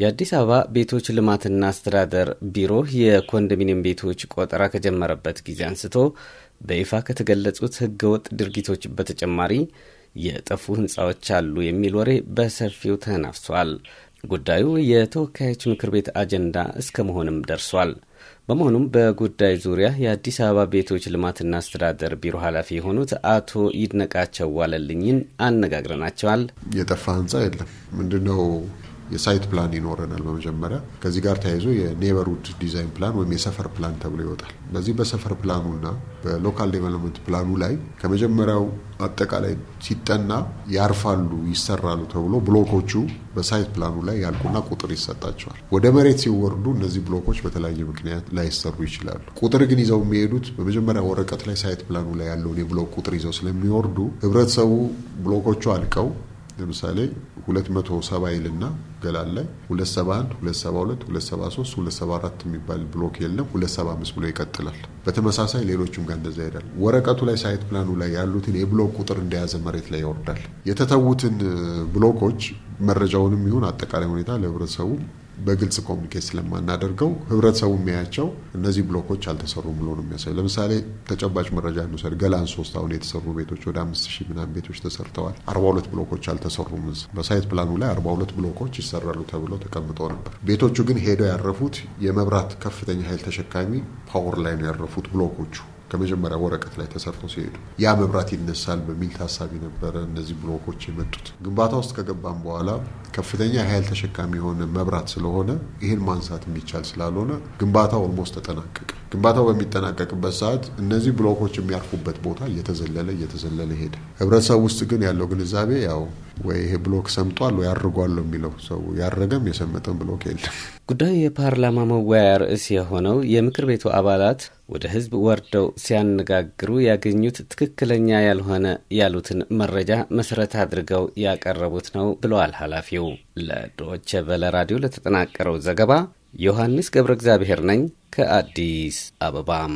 የአዲስ አበባ ቤቶች ልማትና አስተዳደር ቢሮ የኮንዶሚኒየም ቤቶች ቆጠራ ከጀመረበት ጊዜ አንስቶ በይፋ ከተገለጹት ህገወጥ ድርጊቶች በተጨማሪ የጠፉ ህንፃዎች አሉ የሚል ወሬ በሰፊው ተናፍሷል። ጉዳዩ የተወካዮች ምክር ቤት አጀንዳ እስከ መሆንም ደርሷል። በመሆኑም በጉዳይ ዙሪያ የአዲስ አበባ ቤቶች ልማትና አስተዳደር ቢሮ ኃላፊ የሆኑት አቶ ይድነቃቸው ዋለልኝን አነጋግረናቸዋል። የጠፋ ህንፃ የለም ምንድነው የሳይት ፕላን ይኖረናል። በመጀመሪያ ከዚህ ጋር ተያይዞ የኔበርሁድ ዲዛይን ፕላን ወይም የሰፈር ፕላን ተብሎ ይወጣል። በዚህ በሰፈር ፕላኑና በሎካል ዴቨሎፕመንት ፕላኑ ላይ ከመጀመሪያው አጠቃላይ ሲጠና ያርፋሉ፣ ይሰራሉ ተብሎ ብሎኮቹ በሳይት ፕላኑ ላይ ያልቁና ቁጥር ይሰጣቸዋል። ወደ መሬት ሲወርዱ እነዚህ ብሎኮች በተለያየ ምክንያት ላይሰሩ ይችላሉ። ቁጥር ግን ይዘው የሚሄዱት በመጀመሪያ ወረቀት ላይ ሳይት ፕላኑ ላይ ያለውን የብሎክ ቁጥር ይዘው ስለሚወርዱ ህብረተሰቡ ብሎኮቹ አልቀው ለምሳሌ 270 ይልና ገላል ላይ 271፣ 272፣ 273፣ 274 የሚባል ብሎክ የለም 275 ብሎ ይቀጥላል። በተመሳሳይ ሌሎችም ጋር እንደዛ ይሄዳል። ወረቀቱ ላይ ሳይት ፕላኑ ላይ ያሉትን የብሎክ ቁጥር እንደያዘ መሬት ላይ ያወርዳል። የተተዉትን ብሎኮች መረጃውንም ይሁን አጠቃላይ ሁኔታ ለህብረተሰቡ በግልጽ ኮሚኒኬት ስለማናደርገው ህብረተሰቡ የሚያያቸው እነዚህ ብሎኮች አልተሰሩም ብሎ ነው የሚያሳዩ። ለምሳሌ ተጨባጭ መረጃ እንውሰድ። ገላን ሶስት አሁን የተሰሩ ቤቶች ወደ አምስት ሺህ ምናምን ቤቶች ተሰርተዋል። አርባ ሁለት ብሎኮች አልተሰሩም። በሳይት ፕላኑ ላይ አርባ ሁለት ብሎኮች ይሰራሉ ተብሎ ተቀምጠው ነበር። ቤቶቹ ግን ሄደው ያረፉት የመብራት ከፍተኛ ኃይል ተሸካሚ ፓወር ላይ ነው ያረፉት ብሎኮቹ ከመጀመሪያ ወረቀት ላይ ተሰርቶ ሲሄዱ ያ መብራት ይነሳል በሚል ታሳቢ ነበረ እነዚህ ብሎኮች የመጡት። ግንባታ ውስጥ ከገባም በኋላ ከፍተኛ ኃይል ተሸካሚ የሆነ መብራት ስለሆነ ይህን ማንሳት የሚቻል ስላልሆነ ግንባታው ኦልሞስት ተጠናቀቀ። ግንባታው በሚጠናቀቅበት ሰዓት እነዚህ ብሎኮች የሚያርፉበት ቦታ እየተዘለለ እየተዘለለ ሄደ። ህብረተሰብ ውስጥ ግን ያለው ግንዛቤ ያው ወይ ይሄ ብሎክ ሰምጧል ወይ አድርጓል የሚለው ሰው ያረገም የሰመጠን ብሎክ የለም። ጉዳዩ የፓርላማ መወያያ ርዕስ የሆነው የምክር ቤቱ አባላት ወደ ህዝብ ወርደው ሲያነጋግሩ ያገኙት ትክክለኛ ያልሆነ ያሉትን መረጃ መሰረት አድርገው ያቀረቡት ነው ብለዋል ኃላፊው። ለዶች ቨለ ራዲዮ ለተጠናቀረው ዘገባ ዮሐንስ ገብረ እግዚአብሔር ነኝ ከአዲስ አበባም